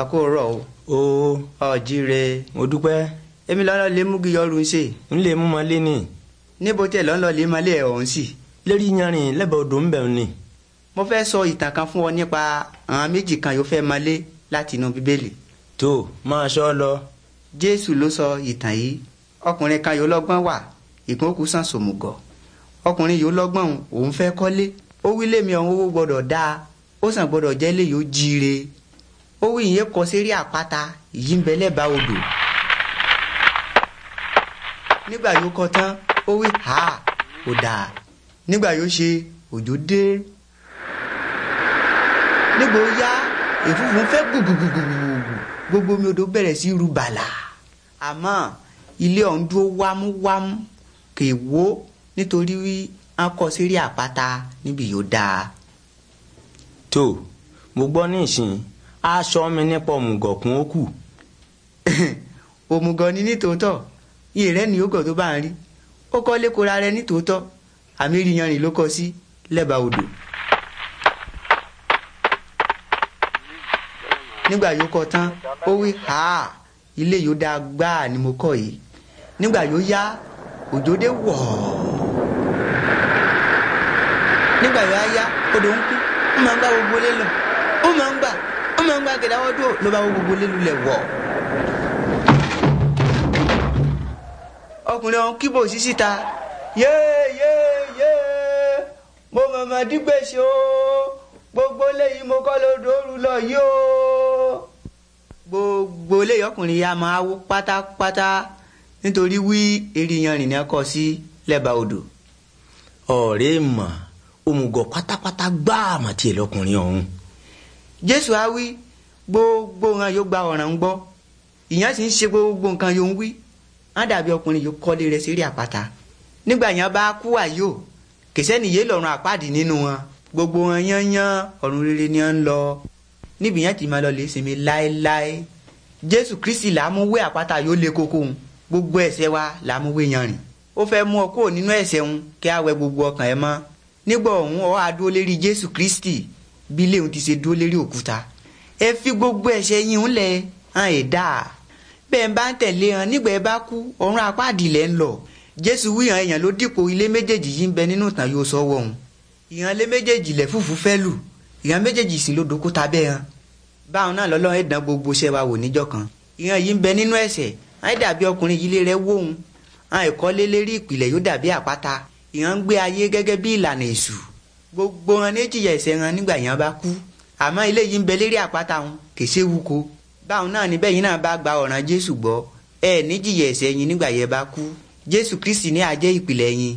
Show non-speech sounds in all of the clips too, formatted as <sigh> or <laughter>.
àkórọ o. o. ọ̀jire. mo dúpẹ́. èmi lọ́nà lè mú gíyọ́ ọ̀run ṣe. n lè mú mọ́lé ni. níbo tẹ lọ́nà lè mọ́lé ẹ̀ ọ̀hún sí. lérí yanrìn lẹ́bàá odò ń bẹ̀ ni. mo fẹ́ sọ ìtàn kan fún ọ nípa àwọn méjì kan yóò fẹ́ mọ́lé láti inú bíbélì. tó máa sọ ọ lọ. jésù ló sọ ìtàn yìí ọkùnrin kan yóò lọ́gbọ́n wà ìkókù sàn sòmùgọ̀ ọkùnrin yóò lọ́gbọ́n òun fẹ́ kọ́lé ó wí lémi ọ̀hún owó gbọ́dọ̀ dáa ó sàn gbọ́dọ̀ jẹ́lé yóò jíire ó wí ìyẹn kọ sí rí àpáta èyí ń bẹ lẹ́bàá odò nígbà yóò kọ tán ó wí ha ò dáa nígbà yóò ṣe òjò dé nígbà ó yá èfúfú fẹ́ gbùgbùgbùgbùgbùgbù gbogbo omi odò bẹ̀rẹ̀ sí ru bàlà àmọ́ ilé ọ̀hún dúró wámúwámú kè nítorí wí wọn kọ sí rí àpáta níbi yóò dáa. tó mo gbọ́ ní ìsìn aṣọ mi nípa òmùgọ̀kún ó kù. <laughs> òmùgọ̀ ni nítòótọ́ iye rẹ̀ ni yógọ̀ tó bá ń rí ó kọ́ lékora rẹ̀ nítòótọ́ àmì ìrìyànrìn ló kọ sí lẹ́bàá odò. nígbà yóò kọ tán ó wí ha ilé yóò dáa gbáà ni mo kọ́ yìí nígbà yóò yá òjò dé wọ̀ọ́ nígbà yóò yá odò ń kú ó máa ń bá gbogbo lé lọ ó máa ń gbà ó máa ń gba gèdè àwọn dúró ló bá wọ gbogbo lélulẹ̀ wọ̀. ọkùnrin ọ̀hún kíbò sí síta yéé yéé yéé mo màmá dígbèsè o gbogbo léyìí mo kọ́ ló dòrú lọ yìí o. gbogbo léyìí ọkùnrin yá máa wó pátápátá nítorí wí èrìyàn rìn ní ẹkọ sí lẹ́bàá odò. ọ̀rẹ́ mà òmùgọ̀ pátápátá gbáà mà tiẹ̀ lọkùnrin ọ̀hún jésù á wí gbogbo nǹkan yóò gba ọ̀ràn ń gbọ́ ìyẹn sì ń ṣe gbogbo nǹkan yóò ń wí á dàbí ọkùnrin yóò kọ́lé rẹ̀ sérí àpáta nígbà yẹn bá kú àyò kìsẹ́ni yé lọ́rùn àpáàdì nínú wọn gbogbo wọn yányán ọ̀run rere ni wọ́n ń lọ níbi yẹn ti máa lọ lè sinmi láéláé jésù kristi làmúwé àpáta yóò lé koko òun gbogbo ẹ̀ṣẹ̀ wa làmúwé yan rìn ó fẹ́ mú ọ kúrò nínú ẹ̀ṣẹ̀ òun kí á wẹ gbogbo ọkàn ẹ mọ́ nígbà òun ọ adúró lérí jésù kristi bí léun ti ṣe dúró lérí òkúta ẹ fi gbogbo ẹ̀ṣẹ̀ yín ń lẹ̀ hàn ẹ̀ dáa bẹ́ẹ̀ bá ń tẹ̀lé hàn nígbà ẹ bá kú ọ̀run apá àdìlẹ̀ ń lọ jésù wíhàn èèyàn ló dípò ilé méjèèjì yìí ń bẹ nínú ìtàn yóò sọ wọ̀hún ìhàn ilé méjèèjì lẹ̀ fùfú fẹ́ lù ìhàn méjèèjì sì ló dókó tabẹ́ hàn báwọn náà lọ́lọ́run ẹ̀dán gbogbo ṣẹ́ wa wò níjọ́ kan ìhàn yìí ń bẹ nínú ẹ̀ṣẹ̀ àì dàbí ọkùnrin yìí lé rẹ wóhun àìkọ́lé lérí ìpìlẹ̀ yóò dàbí àpáta ìhàn ń gbé ayé gẹ́gẹ́ bí ìlànà èṣù gbogbo wọn ní jìyà ẹ̀ṣẹ̀ wọn nígbà yẹn bá kú àmọ́ ilé yìí ń bẹ lérí àpáta wọn kì í ṣe wúko báwọn náà níbẹ̀ yìí náà bá gba ọ̀ràn jésù gbọ́ ẹ ní jìyà ẹ̀ṣẹ̀ yín nígbà yẹn bá kú jésù kristi ní ajẹ́ ìpìlẹ̀ yín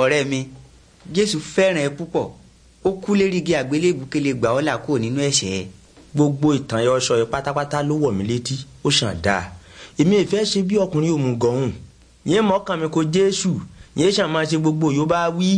ọ̀rẹ́ mi jésù fẹ́ràn ẹ púpọ̀ ó kú lérí igi àgbélébù kele gbà ọ́ là kó nínú ẹ̀ṣẹ̀ ẹ. gbogbo ìtàn ẹ ọṣọ ẹ pátápátá ló wọ̀ mí létí ó ṣàn dáa èmi ìfẹ́ ṣe bí ọkùnrin òmùgọ̀hún yẹn mọ́kàn mi kò jésù yẹn ṣàn máa ṣe gbogbo yóò bá wí